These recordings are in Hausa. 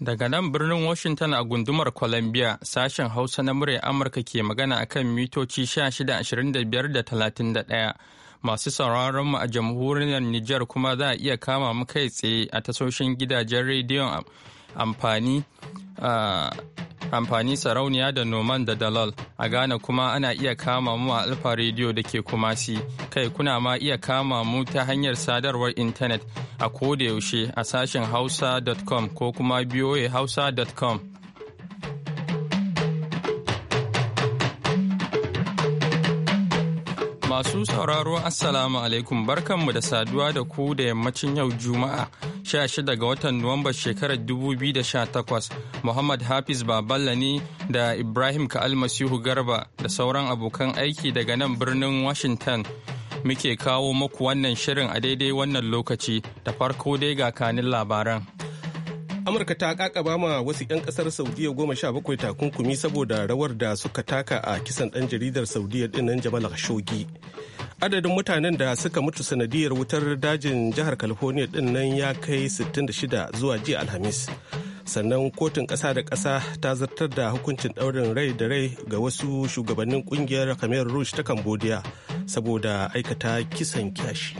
Daga nan birnin Washington a gundumar Columbia sashen Hausa na murya Amurka ke magana akan mitoci 1625 da 31. Masu sauraron mu a jamhuriyar Nijar kuma za a iya kama mu kai tsaye a tasoshin gidajen rediyon amfani ah, amfani sarauniya da noman da dalal a Ghana kuma ana iya kama mu a alfa rediyo da ke kumasi kai kuna ma iya kama mu ta hanyar sadarwar intanet a kodayaushe a sashen hausa.com ko kuma voahausa.com. hausa.com Masu sauraro Assalamu alaikum barkanmu da saduwa da ku da yammacin yau Juma'a 16 ga watan Nuwamba shekarar 2018 Muhammad Hafiz Baballa ne da Ibrahim Ka'almasihu Garba da sauran abokan aiki daga nan birnin Washington muke kawo muku wannan shirin a daidai wannan lokaci da farko dai ga kanin labaran. amurka ta kakaba ma wasu 'yan kasar saudiya goma sha bakwai takunkumi saboda rawar da suka taka a kisan ɗan jaridar saudiya dinnan jamal khashoggi adadin mutanen da suka mutu sanadiyar wutar dajin jihar california dinnan ya kai 66 zuwa jiya alhamis sannan kotun ƙasa da ƙasa ta zartar da hukuncin ɗaurin rai da rai ga wasu shugabannin ƙungiyar khmer rouge ta cambodia saboda aikata kisan kyashi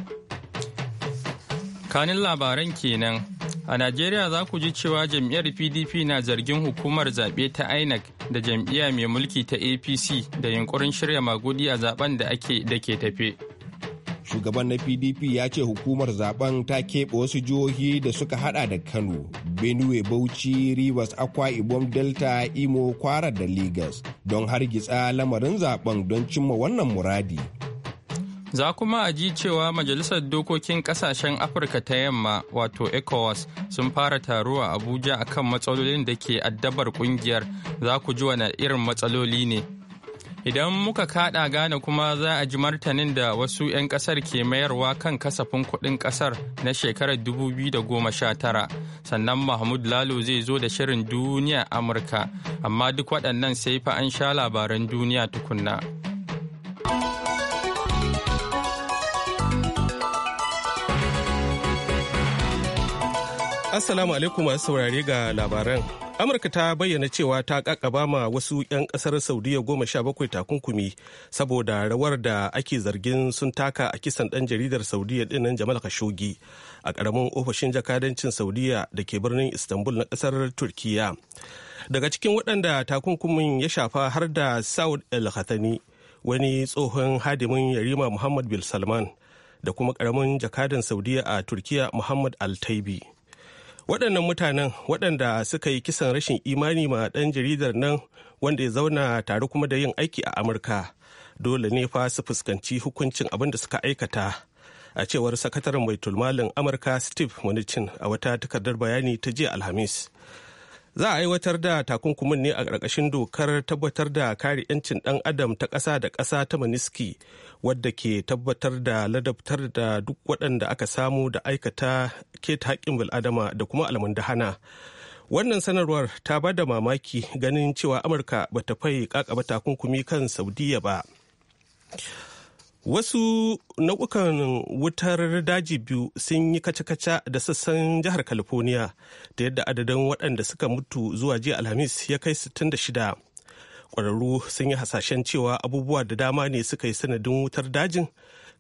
kanin labaran kenan A Najeriya za ku ji cewa jam'iyyar PDP na zargin hukumar zaɓe ta INEC da jam'iyya mai mulki ta APC da yunkurin shirya magudi a zaben da ake da ke tafe. Shugaban na PDP ya ce hukumar zaben ta keɓe wasu jihohi da suka hada da Kano, Benue, Bauchi, Rivers, Akwa, Ibom, Delta, Imo, Kwara da Lagos don hargitsa lamarin zaben don cimma wannan muradi. Za kuma a ji cewa Majalisar Dokokin kasashen Afirka ta Yamma wato ECOWAS sun fara taro a Abuja akan matsalolin da ke addabar kungiyar za ku ji wani irin matsaloli ne. Idan muka kaɗa gane kuma za a ji martanin da wasu 'yan ƙasar ke mayarwa kan kasafin kuɗin ƙasar na shekarar 2019 sannan Mahmud Lalo zai zo da shirin duniya Amurka amma duk waɗannan sai fa an sha labaran duniya tukunna. Assalamu alaikum masu saurare ga labaran. Amurka ta bayyana cewa ta kakaba ma wasu 'yan kasar Saudiya goma sha bakwai takunkumi saboda rawar da ake zargin sun taka a kisan ɗan jaridar Saudiya dinnan Jamal Khashoggi a karamin ofishin jakadancin Saudiya da ke birnin Istanbul na ƙasar Turkiya. Daga cikin waɗanda takunkumin ya shafa har da Saud El Khatani, wani tsohon hadimin Yarima Muhammad Bin Salman da kuma karamin jakadan Saudiya a Turkiya Muhammad Al-Taibi. waɗannan mutanen waɗanda suka yi kisan rashin imani ma ɗan jaridar nan wanda ya zauna tare kuma da yin aiki a amurka dole ne fa su fuskanci hukuncin abin da suka aikata a cewar sakataren mai tulmalin amurka steve munichin a wata takardar bayani ta jiya alhamis za a aiwatar da takunkumin ne a ƙarƙashin dokar tabbatar da kare 'yancin ɗan adam ta ƙasa da ƙasa ta maniski wadda ke tabbatar da ladabtar da duk waɗanda aka samu da aikata keta haƙƙin bil'adama da kuma almundahana wannan sanarwar ta ba da mamaki ganin cewa amurka ba ta fai kakaba takunkumi kan saudiya ba Wasu nau'ukan wutar daji biyu sun yi kaca-kaca da sassan jihar California da yadda adadin waɗanda suka mutu zuwa jiya Alhamis ya kai 66. Ƙwararru sun yi hasashen cewa abubuwa da dama ne suka yi sanadin wutar dajin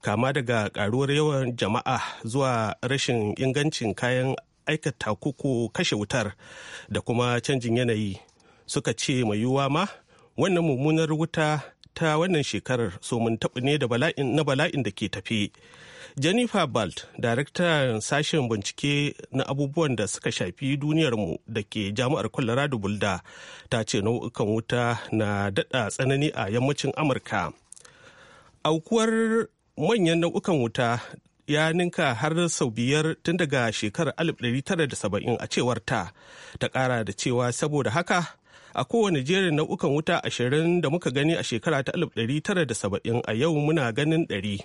kama daga ƙaruwar yawan jama'a zuwa rashin ingancin kayan aikata koko kashe wutar da kuma canjin yanayi suka ce mai yiwuwa ma wannan mummunar wuta ta wannan shekarar so mun taɓa ne na bala'in da ke tafi. Jennifer Balt, darakta sashen bincike na abubuwan da suka shafi duniyarmu da ke jami'ar Colorado Bulda, ta ce nau'ukan wuta na daɗa tsanani a yammacin Amurka. Aukuwar manyan nau'ukan wuta ya ninka har sau biyar tun daga shekarar 1970 a cewar ta, ta ƙara da cewa saboda haka a kowane jerin nau'ukan wuta ashirin da muka gani a shekara ta 1970 a yau muna ganin ɗari.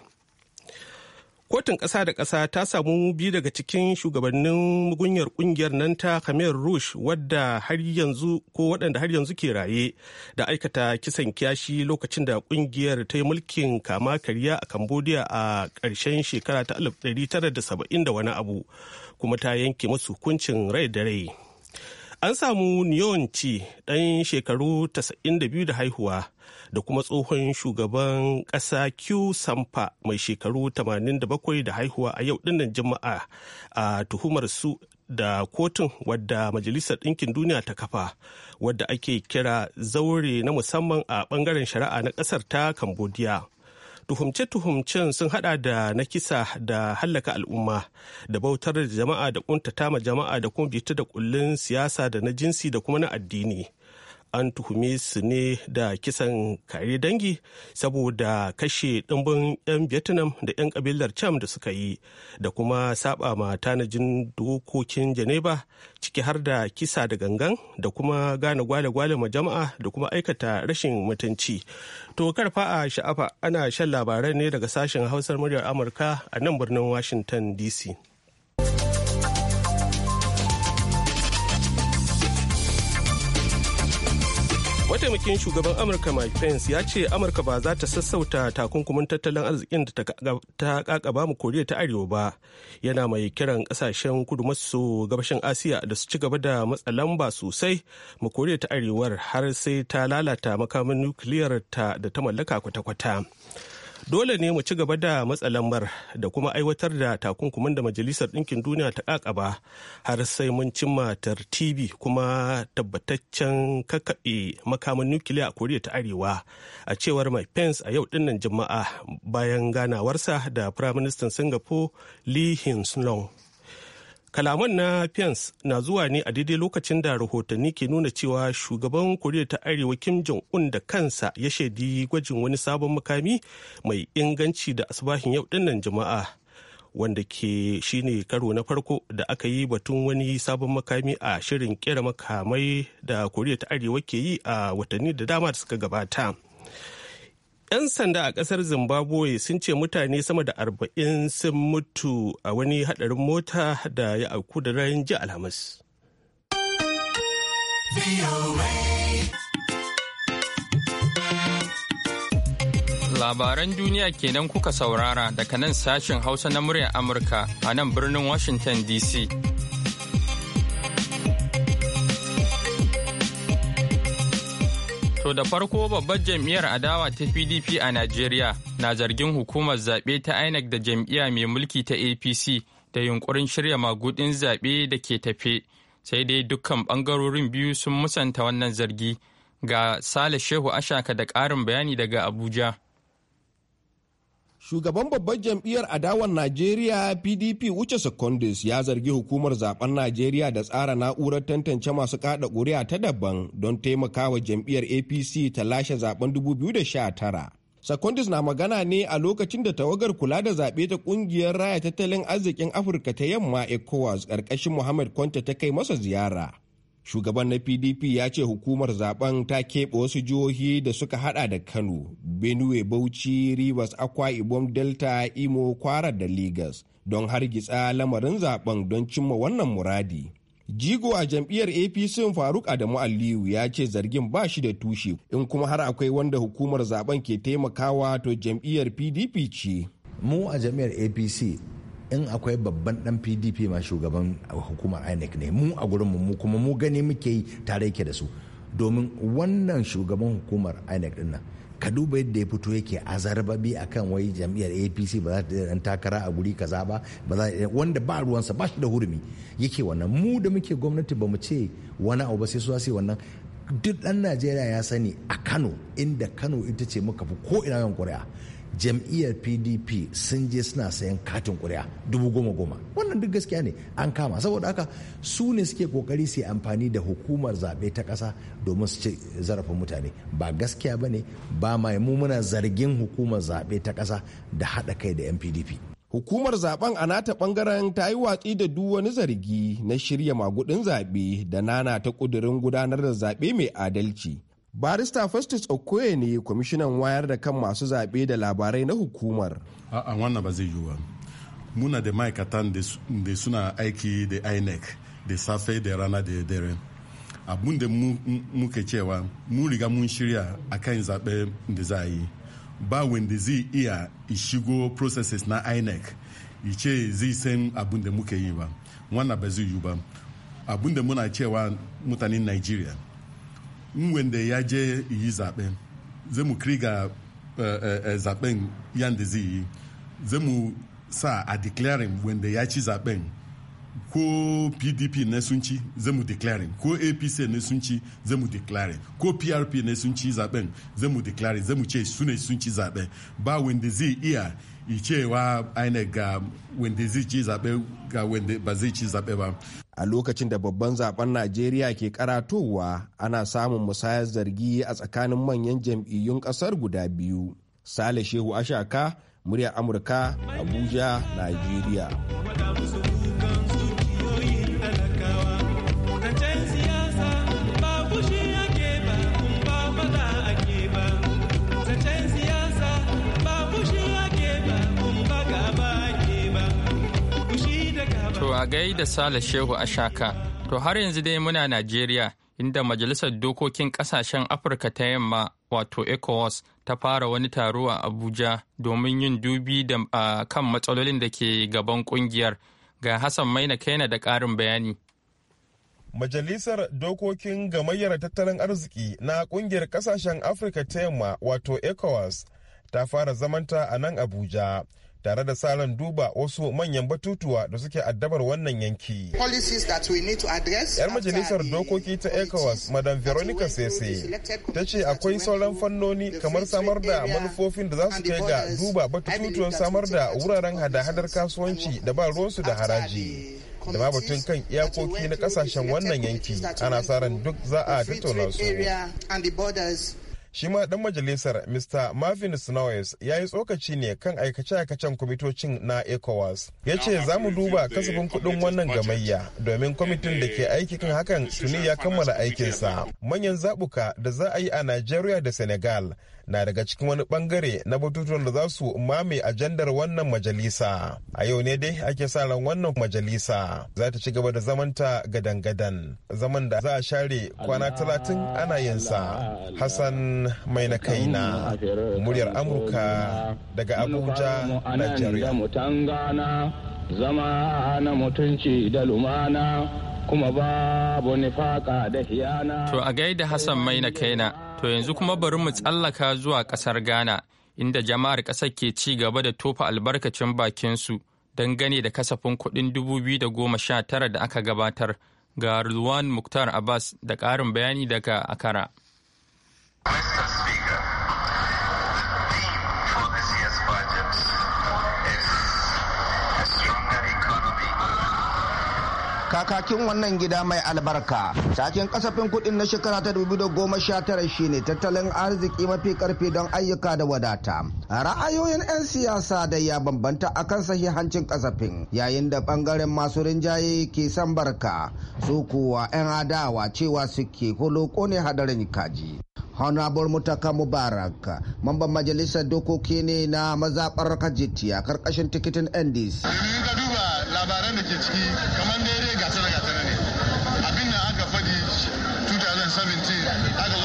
kotun ƙasa da ƙasa ta samu biyu daga cikin shugabannin mugunyar ƙungiyar nan ta khmer rush wadda har yanzu ko waɗanda har yanzu ke raye da aikata kisan kyashi lokacin da ƙungiyar ta yi mulkin kama karya a cambodia a ƙarshen shekara ta 1970 da wani abu kuma ta yanke masu hukuncin rai da rai an samu niyonci ɗan shekaru 92 da haihuwa da kuma tsohon shugaban ƙasa q sampa mai shekaru 87 da haihuwa a yau dinnan juma'a a tuhumar su da kotun wadda majalisar ɗinkin duniya ta kafa wadda ake kira zaure na musamman a ɓangaren shari'a na ƙasar ta cambodia tuhumce-tuhumcen sun hada da na kisa da hallaka al'umma da bautar da jama'a da kuntata ma jama'a da kuma bita da kullun siyasa da na jinsi da kuma na addini an tuhume su ne da kisan kare dangi saboda kashe ɗimbin 'yan vietnam da 'yan kabilar cham da suka yi da kuma saba ma tanajin dokokin geneva ciki har da kisa da gangan da kuma gane gwale-gwale ma jama'a da kuma aikata rashin mutunci to karfa a sha'afa ana shan labarai ne daga sashen hausar muryar amurka a nan birnin washington dc mataimakin shugaban amurka mike pence ya ce amurka ba za ta sassauta takunkumin tattalin arzikin da ta kakaba mu koriya ta arewa ba yana mai kiran kasashen kudu maso gabashin asiya da su ci gaba da matsa lamba sosai mu koriya ta arewar har sai ta lalata makamin nukiliyar ta da ta mallaka kwata-kwata dole ne mu ci gaba da lambar da kuma aiwatar da takunkumin da majalisar ɗinkin duniya ta ƙaƙaba har sai mun cimma tartibi kuma tabbataccen kakaɓe makamin nukiliya a koriya ta arewa a cewar mai pence a yau dinnan jima'a bayan ganawarsa da firaministan singapore lee hin kalaman na pence na zuwa ne a daidai lokacin da rahotanni ke nuna cewa shugaban koriya ta arewa kim jong-un da kansa ya shaidi gwajin wani sabon makami mai inganci da asibahin yau dinnan jama'a wanda ke shine karo na farko da aka yi batun wani sabon makami a shirin kera makamai da koriya ta arewa ke yi a watanni da dama da suka gabata 'Yan sanda a ƙasar Zimbabwe sun ce mutane sama da arba'in sun mutu a wani haɗarin mota da ya auku da rayun ji Alhamis. Labaran duniya kenan kuka saurara daga nan sashen Hausa na muryar Amurka a nan birnin Washington DC. To da farko babbar jam'iyyar adawa ta PDP a Najeriya na zargin hukumar zaɓe ta INEC da jam'iyya mai mulki ta APC da yunkurin shirya magudin zaɓe da ke tafe. Sai dai dukkan ɓangarorin biyu sun musanta wannan zargi. Ga Sale Shehu Ashaka da ƙarin bayani daga Abuja. shugaban babbar jam'iyyar adawar najeriya pdp wuce secondis ya zargi hukumar zaben najeriya da tsara na'urar tantance masu kada ƙuri'a ta daban don taimakawa jam'iyyar apc ta lashe zaben 2019 secondis na magana ne a lokacin da tawagar kula da zaɓe ta ƙungiyar raya tattalin arzikin afirka ta yamma ecowas ƙarƙashin muhammad kwanta ta kai masa ziyara shugaban na pdp ya ce hukumar zaben ta keɓe wasu jihohi da suka hada da kano benue bauchi rivers akwa ibom delta imo kwara da lagos don hargitsa lamarin zaben don cimma wannan muradi jigo a jam'iyyar apc faruk adamu aliyu ya ce zargin ba shi da tushe in kuma har akwai wanda hukumar zaben ke taimakawa to jam'iyyar pdp ce mu a jam'iyyar apc in akwai babban dan pdp ma shugaban hukumar inec ne mu a gurin mu kuma mu gani muke yi tare yake da su domin wannan shugaban hukumar inec din nan ka duba yadda ya fito yake azarbabi akan wai jam'iyyar apc ba za ta dan takara a guri kaza ba ba za wanda ba ruwansa ba shi da hurumi yake wannan mu da muke gwamnati ba mu ce wani abu ba sai su sai wannan duk dan najeriya ya sani a kano inda kano ita ce muka fi ko ina yan ƙuri'a jam'iyyar pdp sun je suna sayan katin kuri'a dubu goma goma wannan duk gaskiya ne an kama saboda haka su ne suke kokari su yi amfani da hukumar zaɓe ta ƙasa domin su ci zarafin mutane ba gaskiya ba ne ba mai muna zargin hukumar zaɓe ta ƙasa da haɗa kai da yan pdp hukumar zaben a nata bangaren ta yi watsi da duk wani zargi na shirya magudin zaɓe da nana ta ƙudurin gudanar da zaɓe mai adalci barista festus okoye ne kwamishinan wayar da kan masu zaɓe da labarai na hukumar a wannan ba zai yiwu ba muna da ma'aikatan da suna aiki da inec da safe da rana da dare abun da muke cewa mun riga mun shirya a kan zaɓe da za a yi ba wanda zai iya shigo processes na inec ce zai san abun da muke yi ba wannan ba zai yiwu ba abun da muna cewa mutanen nigeria in wanda ya je yi zaɓe zai kriga eh, eh, eh, zaben yadda zai yi zai mu sa a declaring wanda ya ci zaɓen ko pdp ne sun ci zamu declare ko apc ne sun ci zamu declare ko prp ne sun ci zaben zamu declare zamu ce su ne sun ci zaben ba wanda zai iya cewa aine ga wanda zai ci zaɓe ga wanda ba zai ci zaben ba. A lokacin da babban zaben Najeriya ke karatowa ana samun musayar zargi a tsakanin manyan jam'iyyun ƙasar guda biyu. Sale Shehu Ashaka, murya Amurka, Abuja, Najeriya. A da Sale Shehu a shaka to har yanzu dai muna Najeriya inda Majalisar Dokokin Ƙasashen Afirka ta Yamma wato ECOWAS ta fara wani taro a Abuja domin yin dubi da kan matsalolin da ke gaban kungiyar. Ga Hassan Maina Kaina da ƙarin bayani. Majalisar Dokokin Gamayyar Tattalin Arziki na Kungiyar Ƙasashen Afirka ta Yamma wato ECOWAS ta fara zamanta a nan Abuja tare da salon duba wasu manyan batutuwa da suke addabar wannan yanki. Yar majalisar dokoki ta ECOWAS, Madam Veronica Sese, ta ce akwai sauran fannoni kamar samar da manufofin da za su kai ga duba batutuwan samar da wuraren hada-hadar kasuwanci da ba ruwansu da haraji. da ma batun kan iyakoki na kasashen wannan yanki ana tsarin duk za a tattauna su. shi ma dan majalisar mr marvin snowes ya yi tsokaci ne kan aikace-aikacen kwamitocin na ecowas ya ce za mu duba kasafin kuɗin wannan gamayya domin kwamitin da ke aiki kan hakan tuni ya kammala aikinsa manyan zabuka da za a yi a nigeria da senegal na daga cikin wani bangare na batutuwan da za su mame ajandar wannan majalisa a yau ne dai ake sa ran wannan majalisa za ta ci gaba da zamanta gadan-gadan zaman da za a share kwana talatin ana yinsa hassan mai na kaina muryar amurka daga abuja nigeria zama na mutunci da lumana kuma babu nifaka da hiyana to a gaida hassan mai na kaina To yanzu kuma bari mu tsallaka zuwa ƙasar Ghana, inda jama'ar ƙasar ke ci gaba da tofa albarkacin su bakinsu gane da kasafin kuɗin 2019 da aka gabatar ga Ruwan Muktar Abbas da ƙarin bayani daga Akara. kakakin wannan gida mai albarka takin kasafin kudin na shekara ta tara shine tattalin arziki mafi karfi don ayyuka da wadata ra'ayoyin 'yan siyasa da ya bambanta akan sahihancin kasafin yayin da bangaren masu rinjaye ke san barka su kuwa 'yan adawa cewa suke holoko ne hadarin kaji honorable mutaka mubarak mamban majalisar dokoki ne na mazaɓar kajitiya karkashin tikitin ndc labaran da ke ciki kamar daidai gasa da ne abin da aka faɗi 2017 aka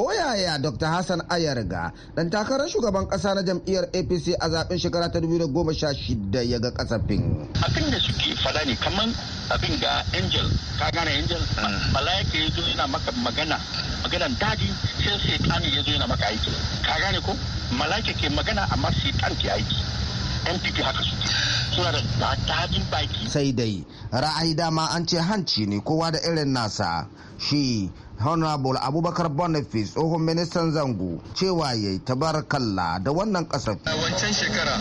koyaya dr hassan ayarga dan takarar shugaban kasa na jam'iyyar apc a zaben shekara ta 2016 ya ga kasafin abin da suke fada ne kaman abin da angel ka gane angel malaika mm. ya zo yana maka magana maganan daji sai sai ya zo yana maka aiki ka gane ko malaika ke magana amma sai ke aiki npp haka su da baki sai dai ra'ayi dama an ce hanci ne kowa da irin nasa shi honorable abubakar boniface tsohon ministan zango cewa ya yi tabarakalla da wannan kasar a wancan shekara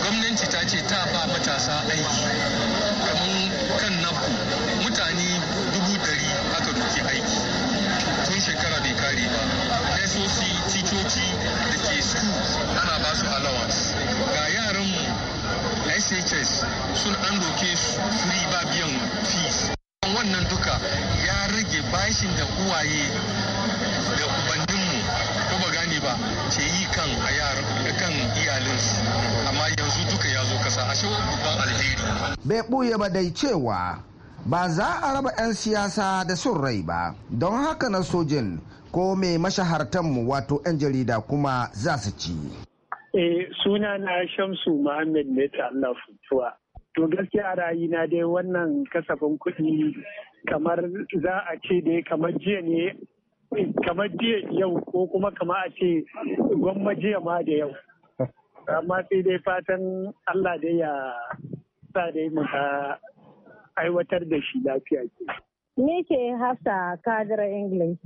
gwamnati ta ce ta ba matasa aiki kamar kan naku mutane dubu dari aka doki aiki tun shekara bai kare ba soc titoci da ke su ana ba su allowance ga yaranmu shs sun an doke su ba biyan fees wannan duka ya bashin da uwaye da ubanninmu ko ba gane ba ke yi kan a yaran kan iyalinsu amma yanzu duka ya zo kasa ashe babban alheri bai buye ba dai cewa ba za a raba 'yan siyasa da sun rai ba don haka na sojin ko mai mashahartanmu wato 'yan jarida kuma za su ci eh suna na shamsu muhammad ne ta allah to gaskiya rayina dai wannan kasafin kuɗi kamar za a ce da kamar jiya ne kamar jiya yau ko kuma kamar a ce gwamma jiya ma da yau amma sai dai fatan Allah da ya sa dai muka aiwatar da shi lafiya ke. Ni ce Hafsa Kadira English.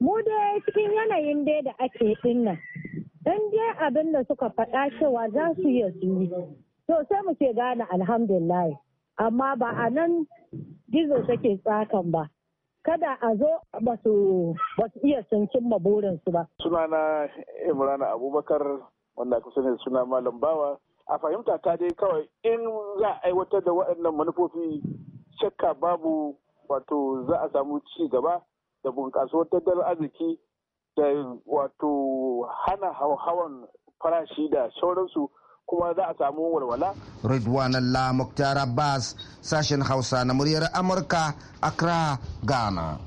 Mu dai cikin yanayin dai da ake dinnan, in dai abin da suka faɗa cewa za su yi su yi. To mu ce gane alhamdulillah. amma ba a nan gizo take tsakan ba kada a zo ba su iya sun cimma burinsu ba. Sunana Imran Abubakar wanda ku sani suna Malam Bawa a fahimta ta dai kawai in za a aiwatar da waɗannan manufofi shakka babu wato za a samu ci gaba da bunƙasuwar tattalin arziki da wato hana hauhawan farashi da sauransu kuma za a samu walwala. Ridwanallah Muktar Abbas sashen Hausa na muryar Amurka Accra Ghana.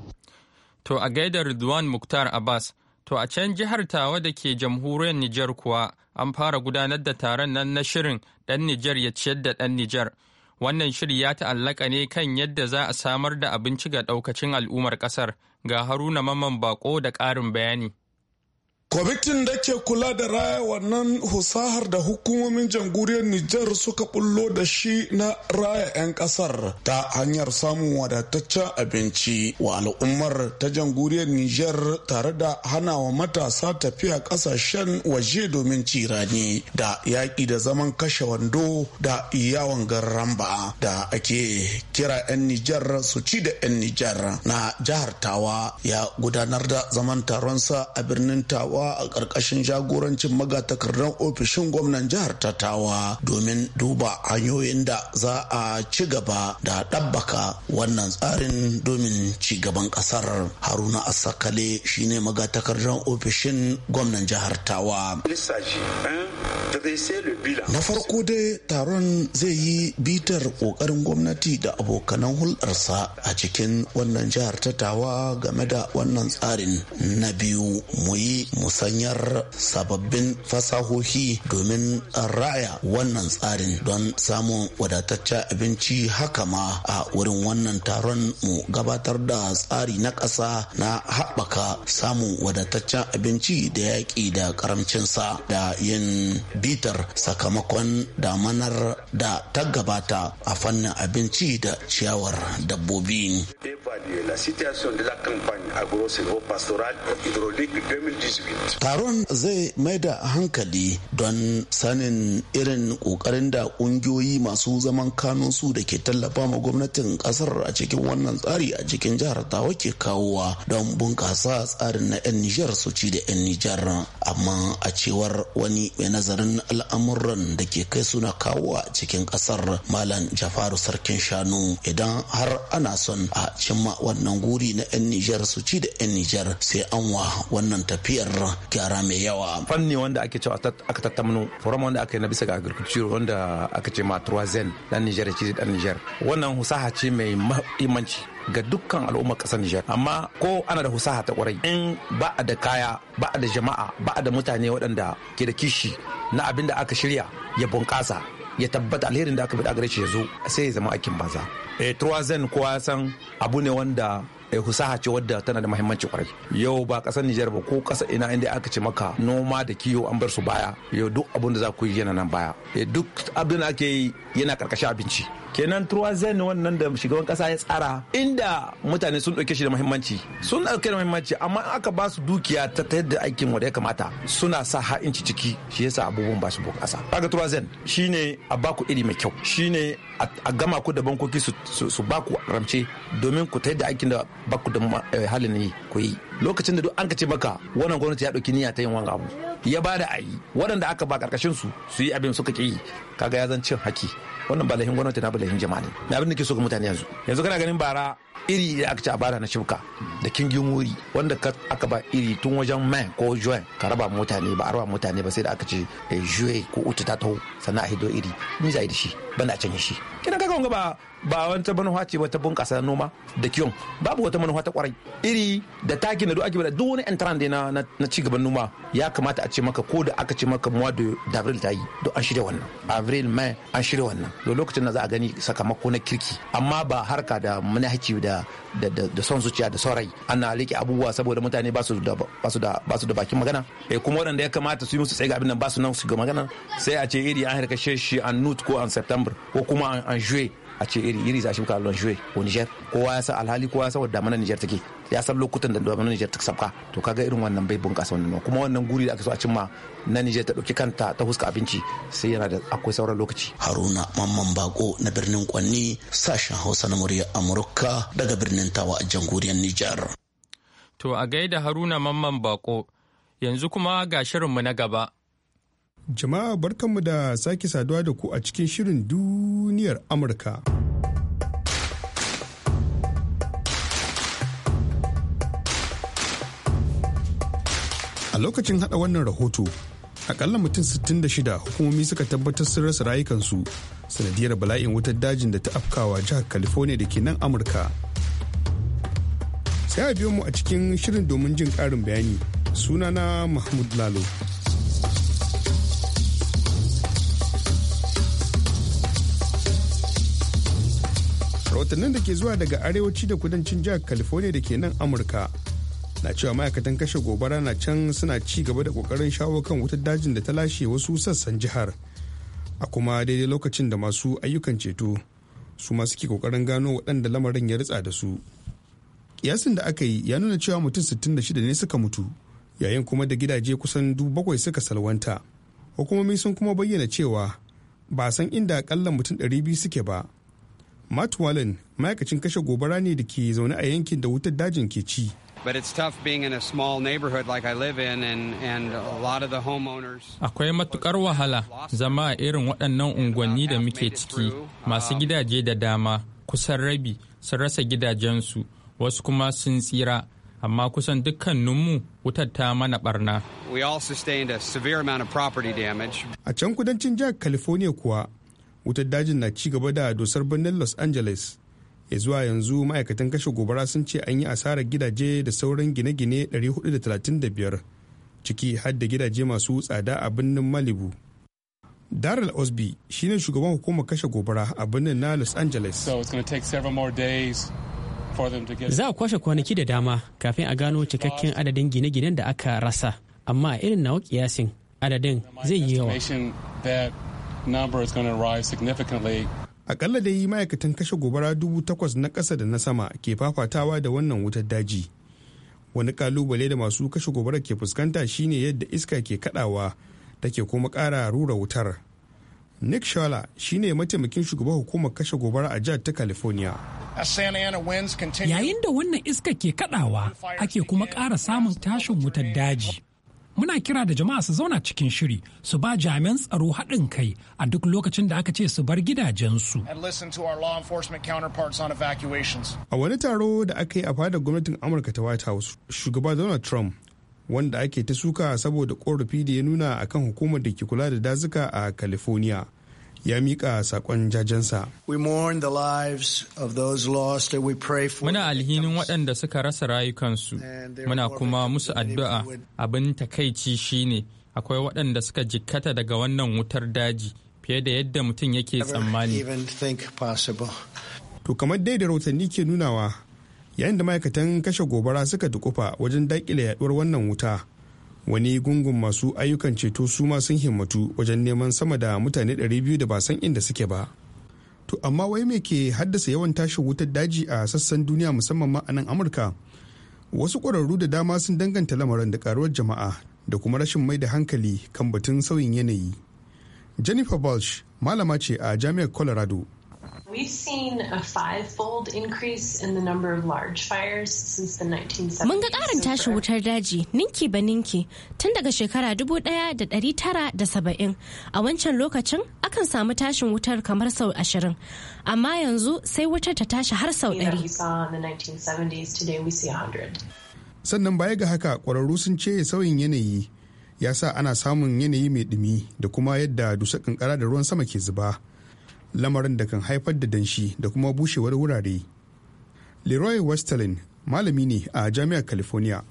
To a gaida Ridwan Muktar Abbas to a can jihar Tawa da ke jamhuriyar Nijar kuwa an fara gudanar da taron nan na shirin ɗan Nijar ya ciyar da ɗan Nijar. Wannan shiri ya ta'allaka ne kan yadda za a samar da abinci ga ɗaukacin al'ummar ƙasar ga Haruna Maman Bako da ƙarin bayani. kwamitin da ke kula da raya wannan husahar da hukumomin jamhuriyar nijar suka bullo da shi na raya 'yan kasar ta hanyar samun wadataccen abinci wa al'ummar ta jamhuriyar nijar tare da hana wa matasa tafiya kasashen waje domin cirani da yaƙi da zaman kashe wando da yawon garamba, da ake kira 'yan nijar su ci da 'yan nijar na jihar tawa ya gudanar da zaman taronsa a birnin tawa tattawa a ƙarƙashin jagorancin magatakardar ofishin gwamnan jihar tattawa domin duba hanyoyin da za a ci gaba da dabbaka wannan tsarin domin ci gaban ƙasar haruna asakale shine magatakardar ofishin gwamnan jihar tawa na farko dai taron zai yi bitar ƙoƙarin gwamnati da abokanan hulɗarsa a cikin wannan jihar tattawa game da wannan tsarin na biyu mu yi mu musanyar sababbin fasahohi domin raya wannan tsarin don samun wadataccen abinci haka ma a wurin wannan taron mu gabatar da tsari na ƙasa na haɓaka samun wadataccen abinci da yaƙi da sa da yin bitar sakamakon damanar da ta gabata a fannin abinci da ciyawar dabbobi. la situation de la campagne agro-silvopastorale hydraulique 2018 taron zai mai da hankali don sanin irin kokarin da ƙungiyoyi masu zaman kanunsu da ke tallafa ma gwamnatin ƙasar a cikin wannan tsari a cikin jihar tawa ke kawowa don bunƙasa tsarin na 'yan nijar su ci da 'yan nijar amma a cewar wani mai nazarin al'amuran da ke kai suna kawo a cikin ƙasar malam jafaru sarkin shanu idan har ana son a cimma wannan guri na 'yan nijar su ci da 'yan nijar sai an wa wannan tafiyar gyara mai yawa fanni wanda ake cewa aka tattamano forum wanda aka yi na bisa ga agriculture wanda aka ce ma 3Zen dan Niger da dan Niger wannan husaha ce mai mahimmanci ga dukkan al'ummar kasar Nijar. Amma ko ana da husaha ta kwarai in ba a da kaya, ba a da jama'a, ba a da mutane waɗanda ke da kishi na abin da aka shirya ya bunƙasa ya tabbata alherin da aka bi gare shi ya zo sai ya zama aikin Eh, E, kowa san abu ne wanda Eh, husaha ce wadda tana da muhimmanci kwarai yau ba kasar Nijar ba ko kasa ina inda aka ce maka noma da kiwo an bar su baya yau duk abin da za ku yi yana nan baya eh, duk abin da ake yi yana karkashin abinci kenan ne wannan da shugaban kasa ya tsara inda mutane sun ɗauke shi da muhimmanci sun ɗauke da muhimmanci amma aka ba su dukiya ta ta yadda aikin wanda ya kamata suna sa ha'inci ciki shi yasa abubuwan ba su bunƙasa kaga truwazen ne a ba ku iri mai kyau shine a gama ku da bankoki su ba ku ramce domin ku ta yadda aikin da ba ku da eh, halin ne ku yi lokacin da duk an ka ce maka wannan gwamnati ya ɗauki niyya ta yin wanga abu ya bada ayi waɗanda aka ba ƙarƙashin su su yi abin suka ƙi kaga ya zan cin haki wannan ba laifin gwamnati na ba laifin jama'a ne abin da ke so ga mutane yanzu yanzu kana ganin bara iri da aka ci a bada na shuka da kingin wuri wanda aka ba iri tun wajen man ko juan ka raba mutane ba a raba mutane ba sai da aka ce eh, juwe ko uta ta taho sannan a hido iri ni za da shi bana canye shi kina kaga wanga ba ba wata manufa ce wata bunƙasa noma da kiyon babu wata manufa ta kwarai iri da taki na duk ake bada duk wani entran na na ci gaban noma ya kamata a ce maka ko da aka ce maka muwa da abril ta yi duk an shirya wannan avril mai an shirya wannan lokacin da za a gani sakamako na kirki amma ba harka da manhaji da da da son zuciya da rai ana rike abubuwa saboda mutane ba su da ba su da bakin magana eh kuma wanda ya kamata su yi musu tsaye ga abin nan ba su nan su ga magana sai a ce iri an harkashe shi an nut ko an september ko kuma an juye a ce iri iri za a shuka a shuwe ko Niger kowa ya san alhali kowa ya san wadda mana nijar take ya san lokutan da mana nijar ta sabka to kaga irin wannan bai bunƙasa wannan kuma wannan guri da aka so a cimma na nijar ta ɗauki kanta ta huska abinci sai yana da akwai sauran lokaci. Haruna Mamman Bako na birnin Kwanni sashen Hausa na murya Amurka daga birnin Tawa a jamhuriyar Nijar. To a gaida Haruna Mamman Bako yanzu kuma ga shirinmu na gaba. Jama'a barkanmu da sake saduwa da ku a cikin shirin duniyar Amurka. A lokacin hada wannan rahoto, akalla mutum 66 hukumomi suka tabbatar sun rasa rayukansu sanadiyar bala'in wutar dajin da ta afkawa jihar California da ke nan Amurka. Sai a biyo mu a cikin shirin domin jin ƙarin bayani. Sunana Mahmud Lalo. rahotannin da ke zuwa daga arewaci da kudancin jihar california da ke nan amurka na cewa ma'aikatan kashe gobara na can suna ci gaba da kokarin shawo kan wutar dajin da ta lashe wasu sassan jihar a kuma daidai lokacin da masu ayyukan ceto su ma suke kokarin gano waɗanda lamarin ya ritsa da su kiyasin da aka yi ya nuna cewa mutum 66 ne suka mutu yayin kuma da gidaje kusan bakwai suka salwanta hukumomi sun kuma bayyana cewa ba san inda akalla mutum 200 suke ba Matt Wallen ma'aikacin kashe gobara ne da ke zaune a yankin da wutar dajin ke ci. But it's tough being in a small neighborhood like I live in and, and a lot of the homeowners. Akwai matukar wahala zama a irin waɗannan unguwanni da muke ciki masu gidaje da dama kusan rabi sun rasa gidajensu wasu kuma sun tsira amma kusan dukkaninmu wutar ta mana barna. We all sustained a severe amount of property damage. A can kudancin jihar California kuwa wutar dajin na ci gaba da dosar birnin los angeles ya zuwa yanzu ma'aikatan kashe gobara sun ce an yi asarar gidaje da sauran gine-gine 435 ciki har da gidaje masu tsada a birnin malibu Daryl Osby shine shugaban hukumar kashe gobara a birnin na Los Angeles. Za a kwashe kwanaki da dama kafin a gano cikakken adadin gine-ginen da aka rasa, amma irin nawa kiyasin adadin zai yi yawa. number is going significantly. Akalla dai ma'aikatan kashe gobara dubu takwas na ƙasa da na sama ke fafatawa da wannan wutar daji. Wani kalubale da masu kashe gobara ke fuskanta shine yadda iska ke kadawa take kuma ƙara rura wutar. Nick Shola shine mataimakin shugaban hukumar kashe gobara a jihar ta California. Yayin da wannan iska ke kaɗawa ake kuma ƙara samun tashin wutar daji. muna kira da jama'a su zauna cikin shiri su ba jami'an tsaro haɗin kai a duk lokacin da aka ce su bar gidajensu. A wani taro da aka yi a fadar gwamnatin Amurka ta White House, shugaba Donald Trump wanda ake ta suka saboda korafi da ya nuna akan hukumar da ke kula da dazuka a California ya miƙa sakon jajensa. Muna alhinin waɗanda suka rasa rayukansu, muna kuma musu addu'a abin takaici shine akwai waɗanda suka jikkata daga wannan wutar daji fiye da yadda mutum yake tsammani. To kamar dai da rautanni ke nunawa, yayin da ma'aikatan kashe gobara suka dukufa wajen daƙile yaɗuwar wannan wuta. wani gungun masu ayyukan ceto su ma sun himmatu wajen neman sama da mutane 200 da ba san inda suke ba to amma wai me ke haddasa yawan tashin wutar daji a sassan duniya musamman ma a nan amurka wasu ƙwararru da dama sun danganta lamarin da karuwar jama'a da kuma rashin mai da hankali kan batun sauyin yanayi jennifer balch malama ce a jami'ar colorado Mun ga ƙarin tashin wutar daji ninki ba ninki tun daga shekara 1970. A wancan lokacin akan samu tashin wutar kamar sau ashirin. Amma yanzu sai wutar ta tashi har sau ɗari. Sannan baya ga haka ƙwararru sun ce sauyin yanayi ya sa ana samun yanayi mai ɗumi da kuma yadda dusa ƙanƙara da ruwan sama ke zuba. lamarin da kan haifar da danshi da kuma bushewar wurare leroy westerlin malami ne a jami'ar california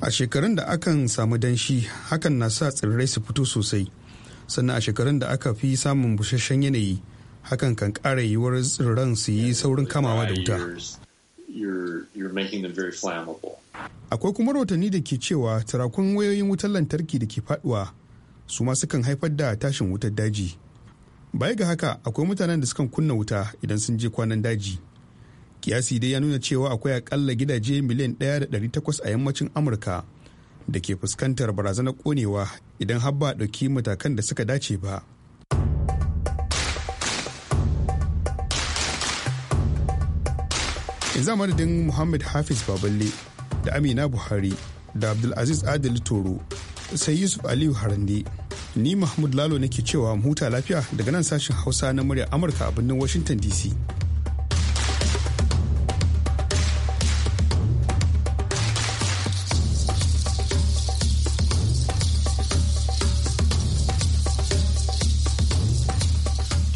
a shekarun da akan samu danshi hakan na sa tsirrai su fito sosai sannan a shekarun da aka fi samun busasshen yanayi hakan kan ƙara yiwuwar tsirran su yi saurin kamawa da wuta akwai kuma rahotanni da ke cewa tarakun wayoyin wutar lantarki da ke faduwa su ma sukan haifar da tashin wutar daji baya ga haka akwai mutanen da sukan kunna wuta idan sun je kwanan daji kiyasi dai ya nuna cewa akwai akalla gidaje miliyan takwas a yammacin amurka da ke fuskantar barazanar konewa idan har ba ɗauki matakan da suka dace ba yanzu madadin muhammad hafiz baballe da amina buhari da abdulaziz adali toro sai yusuf aliyu harande ni mahmud lalo nake cewa huta lafiya daga nan sashen hausa na murya amurka a birnin washington dc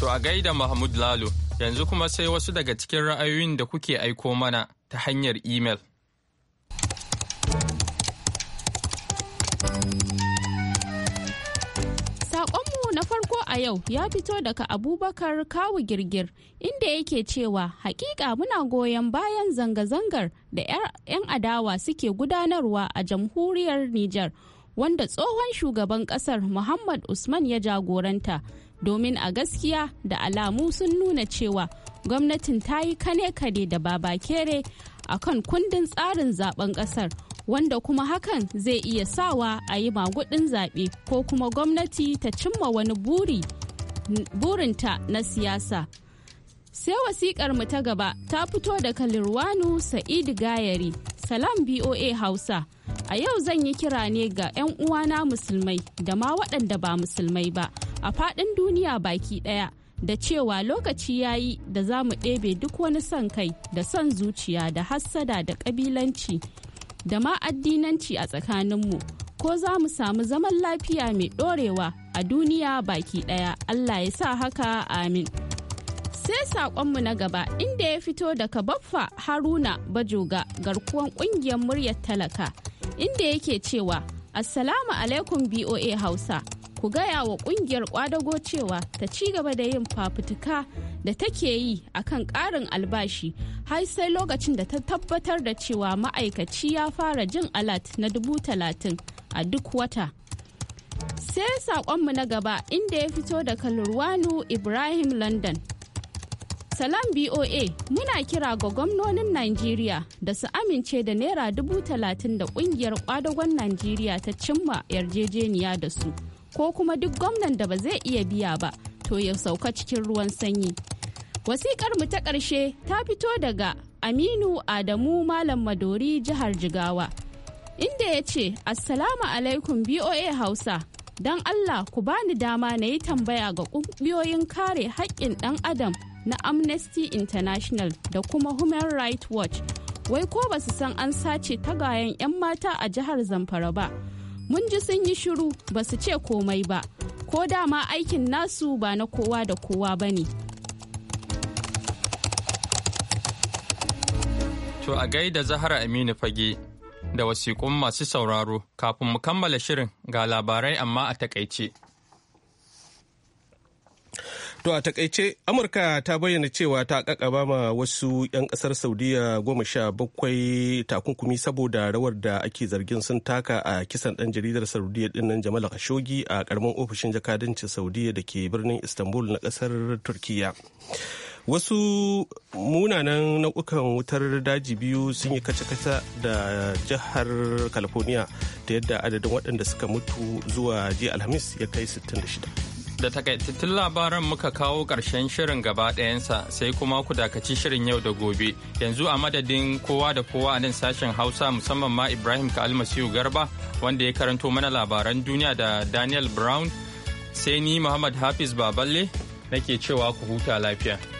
To a gaida Mahmud Lalo, yanzu kuma sai wasu daga cikin ra'ayoyin da kuke aiko mana ta hanyar imel. Saƙonmu na farko a yau ya fito daga Abubakar Kawu Girgir inda yake cewa hakika muna goyon bayan zanga-zangar da 'yan adawa suke gudanarwa a jamhuriyar Nijar wanda tsohon shugaban ƙasar Muhammad Usman ya jagoranta domin a gaskiya da alamu sun nuna cewa gwamnatin ta yi kane-kane da babakere a kan kundin tsarin zaben ƙasar wanda kuma hakan zai iya sawa a yi magudin zaɓe ko kuma gwamnati ta cimma wani buri burinta na siyasa sai wasikar mu ta gaba ta fito da kalirwanu sa'idu gayari salam boa hausa a yau zan yi kira ne ga 'yan uwana musulmai da ma waɗanda ba musulmai ba a faɗin duniya baki ɗaya da cewa lokaci ya yi da za mu ɗebe duk wani son kai da son zuciya da hassada da ƙabilanci da ma addinanci a tsakaninmu ko za mu samu zaman lafiya mai ɗorewa a duniya baki ɗaya Allah ya sa haka amin. sai saƙonmu na gaba inda ya fito daga baffa haruna bajoga garkuwan ƙungiyar muryar talaka inda yake cewa assalamu alaikum boa hausa ku gaya wa kungiyar kwadago cewa ta ci gaba da yin fafutuka da take yi akan ƙarin albashi har sai lokacin da ta tabbatar da cewa ma'aikaci ya fara jin alat na dubu talatin a duk wata sai saƙonmu na gaba inda ya fito da kalurwanu ibrahim london Salam BOA muna kira ga gwamnonin Najeriya da su amince da Naira dubu talatin da kungiyar kwadagon Najeriya ta cimma yarjejeniya da su. ko kuma duk gwamnan da ba zai iya biya ba to ya sauka cikin ruwan sanyi. Wasiƙar mu ta ƙarshe ta fito daga Aminu Adamu Malam Madori jihar Jigawa. Inda ya ce, Assalamu alaikum BOA Hausa, don Allah ku bani dama na yi tambaya ga ƙungiyoyin kare haƙƙin ɗan Adam na Amnesty International da kuma Human Rights Watch. Wai ko ba su san an sace tagayen 'yan mata a jihar Zamfara ba. mun ji sun yi shiru ba su ce komai ba ko dama aikin nasu ba na kowa da kowa ba ne to a gaida zahara aminu fage da wasiƙun masu sauraro kafin mu kammala shirin ga labarai amma a takaice. To a takaice Amurka ta bayyana cewa ta kakaba ma wasu 'yan kasar Saudiya goma sha bakwai takunkumi saboda rawar da ake zargin sun taka a kisan ɗan jaridar Saudiya dinnan Jamal Khashoggi a karamin ofishin jakadancin Saudiya da ke birnin Istanbul na kasar Turkiya. Wasu munanan nau'ukan wutar daji biyu sun yi kace-kace da jihar California ta yadda adadin waɗanda suka mutu zuwa jiya Alhamis ya kai 66. Da takaitattun labaran muka kawo ƙarshen shirin gaba ɗayansa sai kuma ku dakaci shirin yau da gobe. Yanzu a madadin kowa da kowa a nan sashen Hausa musamman ma Ibrahim Kalmasiu Garba wanda ya karanto mana labaran duniya da Daniel Brown sai ni Muhammad Hafiz Baballe nake cewa ku huta lafiya.